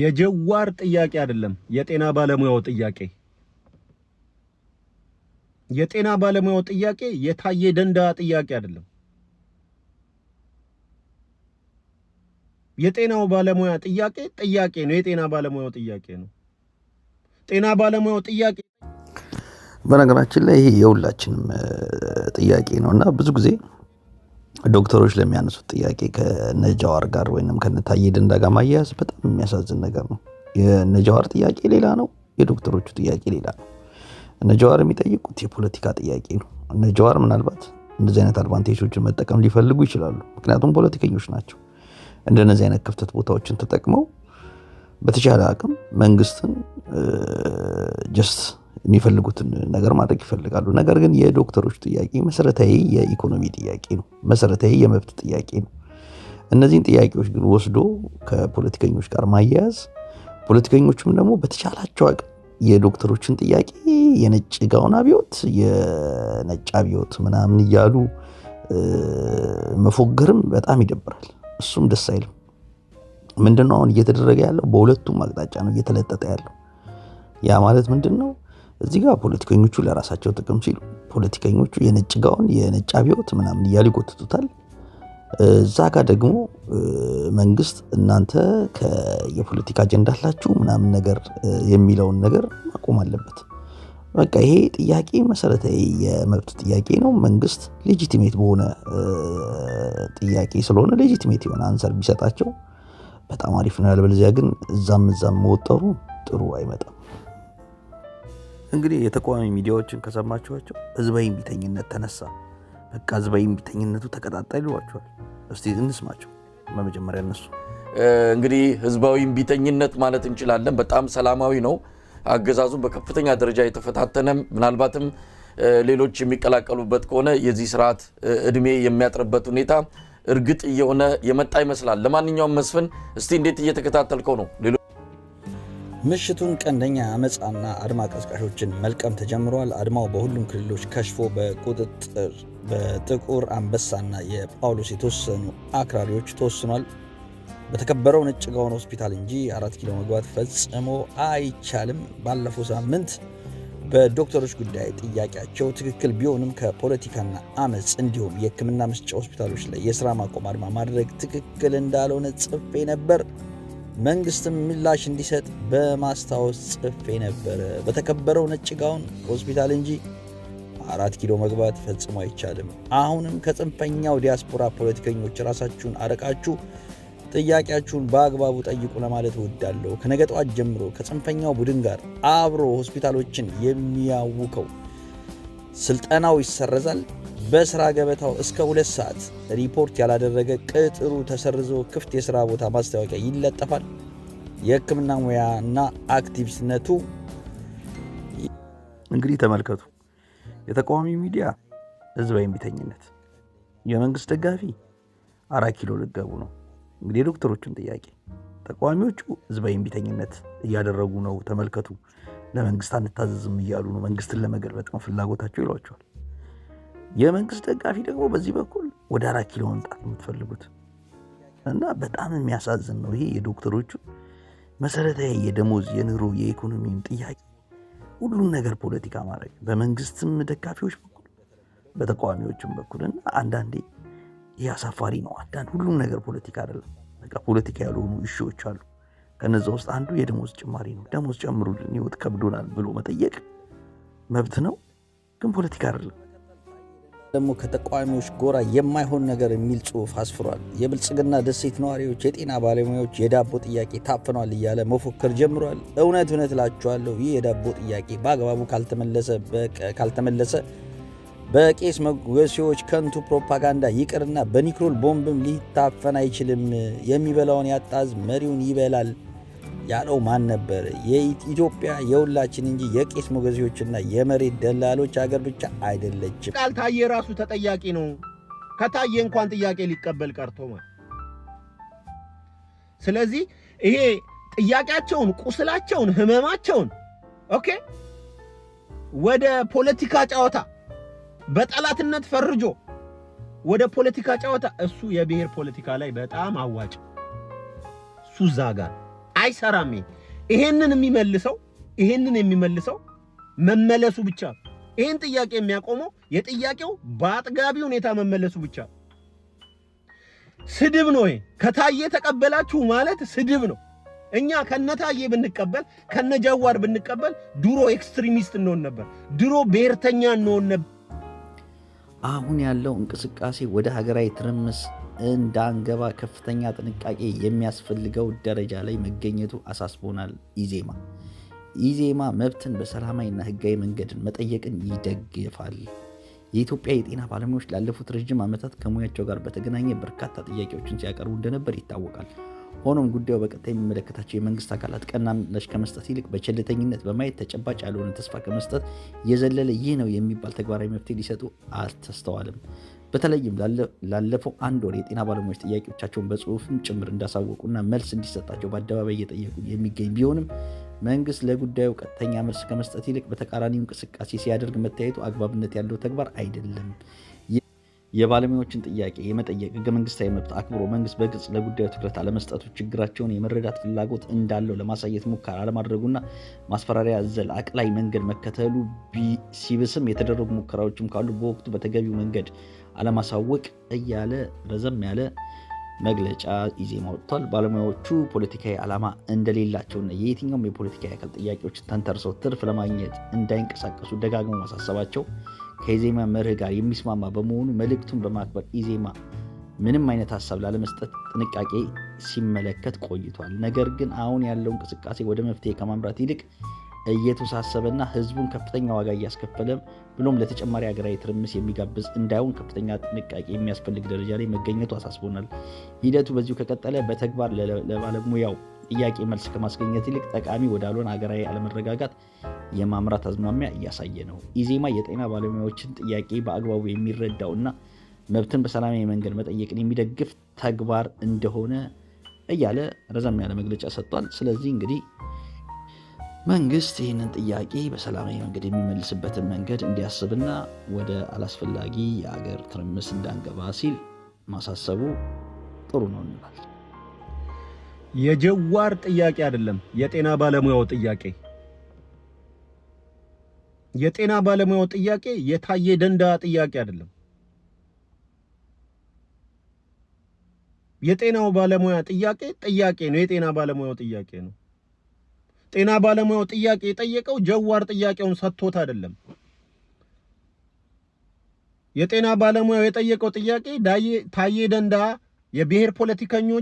የጀዋር ጥያቄ አይደለም፣ የጤና ባለሙያው ጥያቄ የጤና ባለሙያው ጥያቄ የታየ ደንዳ ጥያቄ አይደለም። የጤናው ባለሙያ ጥያቄ ጥያቄ ነው። የጤና ባለሙያው ጥያቄ ነው። ጤና ባለሙያው ጥያቄ በነገራችን ላይ ይሄ የሁላችንም ጥያቄ ነው እና ብዙ ጊዜ ዶክተሮች ለሚያነሱት ጥያቄ ከነጃዋር ጋር ወይም ከነታዬ ደንዳ ጋር ማያያዝ በጣም የሚያሳዝን ነገር ነው። የነጃዋር ጥያቄ ሌላ ነው፣ የዶክተሮቹ ጥያቄ ሌላ ነው። እነጃዋር የሚጠይቁት የፖለቲካ ጥያቄ ነው። እነጃዋር ምናልባት እንደዚህ አይነት አድቫንቴጆችን መጠቀም ሊፈልጉ ይችላሉ። ምክንያቱም ፖለቲከኞች ናቸው። እንደነዚህ አይነት ክፍተት ቦታዎችን ተጠቅመው በተቻለ አቅም መንግስትን ጀስት የሚፈልጉትን ነገር ማድረግ ይፈልጋሉ። ነገር ግን የዶክተሮች ጥያቄ መሰረታዊ የኢኮኖሚ ጥያቄ ነው። መሰረታዊ የመብት ጥያቄ ነው። እነዚህን ጥያቄዎች ግን ወስዶ ከፖለቲከኞች ጋር ማያያዝ፣ ፖለቲከኞችም ደግሞ በተቻላቸው አቅም የዶክተሮችን ጥያቄ የነጭ ጋውን አብዮት፣ የነጭ አብዮት ምናምን እያሉ መፎገርም በጣም ይደብራል። እሱም ደስ አይልም። ምንድነው አሁን እየተደረገ ያለው? በሁለቱም አቅጣጫ ነው እየተለጠጠ ያለው። ያ ማለት ምንድን ነው? እዚህ ጋር ፖለቲከኞቹ ለራሳቸው ጥቅም ሲሉ ፖለቲከኞቹ የነጭ ጋውን የነጭ አብዮት ምናምን እያሉ ይጎትቱታል። እዛ ጋር ደግሞ መንግስት እናንተ የፖለቲካ አጀንዳ አላችሁ ምናምን ነገር የሚለውን ነገር ማቆም አለበት። በቃ ይሄ ጥያቄ መሰረታዊ የመብት ጥያቄ ነው። መንግስት ሌጂቲሜት በሆነ ጥያቄ ስለሆነ ሌጂቲሜት የሆነ አንሰር ቢሰጣቸው በጣም አሪፍ ነው። ያለበለዚያ ግን እዛም እዛም መወጠሩ ጥሩ አይመጣም። እንግዲህ የተቃዋሚ ሚዲያዎችን ከሰማችኋቸው ህዝባዊ ቢተኝነት ተነሳ፣ በቃ ህዝባዊ ቢተኝነቱ ተቀጣጣይ ይሏቸዋል። እስቲ እንስማቸው። በመጀመሪያ እነሱ እንግዲህ ህዝባዊ ቢተኝነት ማለት እንችላለን። በጣም ሰላማዊ ነው። አገዛዙን በከፍተኛ ደረጃ የተፈታተነ ምናልባትም ሌሎች የሚቀላቀሉበት ከሆነ የዚህ ስርዓት እድሜ የሚያጥርበት ሁኔታ እርግጥ እየሆነ የመጣ ይመስላል። ለማንኛውም መስፍን እስቲ እንዴት እየተከታተልከው ነው? ምሽቱን ቀንደኛ አመፃና አድማ ቀስቃሾችን መልቀም ተጀምረዋል። አድማው በሁሉም ክልሎች ከሽፎ በቁጥጥር በጥቁር አንበሳና የጳውሎስ የተወሰኑ አክራሪዎች ተወስኗል። በተከበረው ነጭ ጋውን ሆስፒታል እንጂ አራት ኪሎ መግባት ፈጽሞ አይቻልም። ባለፈው ሳምንት በዶክተሮች ጉዳይ ጥያቄያቸው ትክክል ቢሆንም ከፖለቲካና አመፅ እንዲሁም የሕክምና መስጫ ሆስፒታሎች ላይ የስራ ማቆም አድማ ማድረግ ትክክል እንዳልሆነ ጽፌ ነበር። መንግስትም ምላሽ እንዲሰጥ በማስታወስ ጽፌ ነበረ። በተከበረው ነጭ ጋውን ሆስፒታል እንጂ አራት ኪሎ መግባት ፈጽሞ አይቻልም። አሁንም ከጽንፈኛው ዲያስፖራ ፖለቲከኞች ራሳችሁን አረቃችሁ ጥያቄያችሁን በአግባቡ ጠይቁ ለማለት እወዳለሁ። ከነገ ጠዋት ጀምሮ ከጽንፈኛው ቡድን ጋር አብሮ ሆስፒታሎችን የሚያውከው ስልጠናው ይሰረዛል። በስራ ገበታው እስከ ሁለት ሰዓት ሪፖርት ያላደረገ ቅጥሩ ተሰርዞ ክፍት የስራ ቦታ ማስታወቂያ ይለጠፋል። ሙያ እና አክቲቪስትነቱ እንግዲህ ተመልከቱ። የተቃዋሚ ሚዲያ ህዝባዊ እምቢተኝነት፣ የመንግስት ደጋፊ አራት ኪሎ ልገቡ ነው። እንግዲህ የዶክተሮቹን ጥያቄ ተቃዋሚዎቹ ህዝባዊ እምቢተኝነት እያደረጉ ነው። ተመልከቱ፣ ለመንግስት አንታዘዝም እያሉ ነው። መንግስትን ለመገልበጥ ነው ፍላጎታቸው ይሏቸዋል። የመንግስት ደጋፊ ደግሞ በዚህ በኩል ወደ አራት ኪሎ መምጣት የምትፈልጉት እና በጣም የሚያሳዝን ነው። ይሄ የዶክተሮቹ መሰረታዊ የደሞዝ የኑሮ የኢኮኖሚን ጥያቄ ሁሉን ነገር ፖለቲካ ማድረግ በመንግስትም ደጋፊዎች በኩል በተቃዋሚዎችም በኩል እና አንዳንዴ ይህ አሳፋሪ ነው። አንዳንድ ሁሉም ነገር ፖለቲካ አይደለም። በቃ ፖለቲካ ያልሆኑ እሺዎች አሉ። ከነዚ ውስጥ አንዱ የደሞዝ ጭማሪ ነው። ደሞዝ ጨምሩልን፣ ህይወት ከብዶናል ብሎ መጠየቅ መብት ነው፣ ግን ፖለቲካ አይደለም። ደግሞ ከተቃዋሚዎች ጎራ የማይሆን ነገር የሚል ጽሁፍ አስፍሯል። የብልጽግና ደሴት ነዋሪዎች፣ የጤና ባለሙያዎች የዳቦ ጥያቄ ታፍኗል እያለ መፎከር ጀምሯል። እውነት እውነት እላችኋለሁ ይህ የዳቦ ጥያቄ በአግባቡ ካልተመለሰ በቄስ መጎሴዎች ከንቱ ፕሮፓጋንዳ ይቅርና በኒክሮል ቦምብም ሊታፈን አይችልም። የሚበላውን ያጣዝ መሪውን ይበላል ያለው ማን ነበር? የኢትዮጵያ የሁላችን እንጂ የቄስ ሞገዜዎችና የመሬት ደላሎች ሀገር ብቻ አይደለችም። ታዬ ራሱ ተጠያቂ ነው። ከታዬ እንኳን ጥያቄ ሊቀበል ቀርቶ ማለት ስለዚህ ይሄ ጥያቄያቸውን፣ ቁስላቸውን፣ ህመማቸውን ኦኬ ወደ ፖለቲካ ጨዋታ በጠላትነት ፈርጆ ወደ ፖለቲካ ጨዋታ እሱ የብሔር ፖለቲካ ላይ በጣም አዋጭ እሱ ዛጋ አይሰራም። ይሄንን የሚመልሰው ይሄንን የሚመልሰው መመለሱ ብቻ ይሄን ጥያቄ የሚያቆመው የጥያቄው በአጥጋቢ ሁኔታ መመለሱ ብቻ ነው። ስድብ ነው ይሄ። ከታዬ ተቀበላችሁ ማለት ስድብ ነው። እኛ ከነታዬ ብንቀበል ከነጃዋር ብንቀበል ድሮ ኤክስትሪሚስት እንሆን ነበር። ድሮ ብሔርተኛ እንሆን ነበር። አሁን ያለው እንቅስቃሴ ወደ ሀገራዊ ትርምስ እንዳንገባ ከፍተኛ ጥንቃቄ የሚያስፈልገው ደረጃ ላይ መገኘቱ አሳስቦናል። ኢዜማ ኢዜማ መብትን በሰላማዊና ህጋዊ መንገድን መጠየቅን ይደግፋል። የኢትዮጵያ የጤና ባለሙያዎች ላለፉት ረዥም ዓመታት ከሙያቸው ጋር በተገናኘ በርካታ ጥያቄዎችን ሲያቀርቡ እንደነበር ይታወቃል። ሆኖም ጉዳዩ በቀጣይ የሚመለከታቸው የመንግስት አካላት ቀና ምላሽ ከመስጠት ይልቅ በቸልተኝነት በማየት ተጨባጭ ያልሆነ ተስፋ ከመስጠት የዘለለ ይህ ነው የሚባል ተግባራዊ መፍትሄ ሊሰጡ አልተስተዋልም። በተለይም ላለፈው አንድ ወር የጤና ባለሙያዎች ጥያቄዎቻቸውን በጽሁፍም ጭምር እንዳሳወቁና መልስ እንዲሰጣቸው በአደባባይ እየጠየቁ የሚገኝ ቢሆንም መንግስት ለጉዳዩ ቀጥተኛ መልስ ከመስጠት ይልቅ በተቃራኒው እንቅስቃሴ ሲያደርግ መታየቱ አግባብነት ያለው ተግባር አይደለም። የባለሙያዎችን ጥያቄ የመጠየቅ ህገ መንግስታዊ መብት አክብሮ መንግስት በግልጽ ለጉዳዩ ትኩረት አለመስጠቱ ችግራቸውን የመረዳት ፍላጎት እንዳለው ለማሳየት ሙከራ አለማድረጉና ማስፈራሪያ ዘል አቅላይ መንገድ መከተሉ ሲብስም የተደረጉ ሙከራዎችም ካሉ በወቅቱ በተገቢው መንገድ አለማሳወቅ እያለ ረዘም ያለ መግለጫ ኢዜማ ወጥቷል። ባለሙያዎቹ ፖለቲካዊ ዓላማ እንደሌላቸውና የየትኛውም የፖለቲካዊ አካል ጥያቄዎች ተንተርሰው ትርፍ ለማግኘት እንዳይንቀሳቀሱ ደጋግመው ማሳሰባቸው ከኢዜማ መርህ ጋር የሚስማማ በመሆኑ መልእክቱን በማክበር ኢዜማ ምንም አይነት ሀሳብ ላለመስጠት ጥንቃቄ ሲመለከት ቆይቷል። ነገር ግን አሁን ያለው እንቅስቃሴ ወደ መፍትሄ ከማምራት ይልቅ እየተወሳሰበና ህዝቡን ከፍተኛ ዋጋ እያስከፈለ ብሎም ለተጨማሪ ሀገራዊ ትርምስ የሚጋብዝ እንዳይሆን ከፍተኛ ጥንቃቄ የሚያስፈልግ ደረጃ ላይ መገኘቱ አሳስቦናል። ሂደቱ በዚሁ ከቀጠለ በተግባር ለባለሙያው ጥያቄ መልስ ከማስገኘት ይልቅ ጠቃሚ ወዳልሆን ሀገራዊ አለመረጋጋት የማምራት አዝማሚያ እያሳየ ነው። ኢዜማ የጤና ባለሙያዎችን ጥያቄ በአግባቡ የሚረዳው እና መብትን በሰላማዊ መንገድ መጠየቅን የሚደግፍ ተግባር እንደሆነ እያለ ረዘም ያለ መግለጫ ሰጥቷል። ስለዚህ እንግዲህ መንግስት ይህንን ጥያቄ በሰላማዊ መንገድ የሚመልስበትን መንገድ እንዲያስብና ወደ አላስፈላጊ የአገር ትርምስ እንዳንገባ ሲል ማሳሰቡ ጥሩ ነው እንላል። የጀዋር ጥያቄ አይደለም፣ የጤና ባለሙያው ጥያቄ የጤና ባለሙያው ጥያቄ የታየ ደንዳ ጥያቄ አይደለም። የጤናው ባለሙያ ጥያቄ ጥያቄ ነው። የጤና ባለሙያው ጥያቄ ነው። ጤና ባለሙያው ጥያቄ የጠየቀው ጀዋር ጥያቄውን ሰጥቶት አይደለም። የጤና ባለሙያው የጠየቀው ጥያቄ ታዬ ደንዳ የብሔር ፖለቲከኞች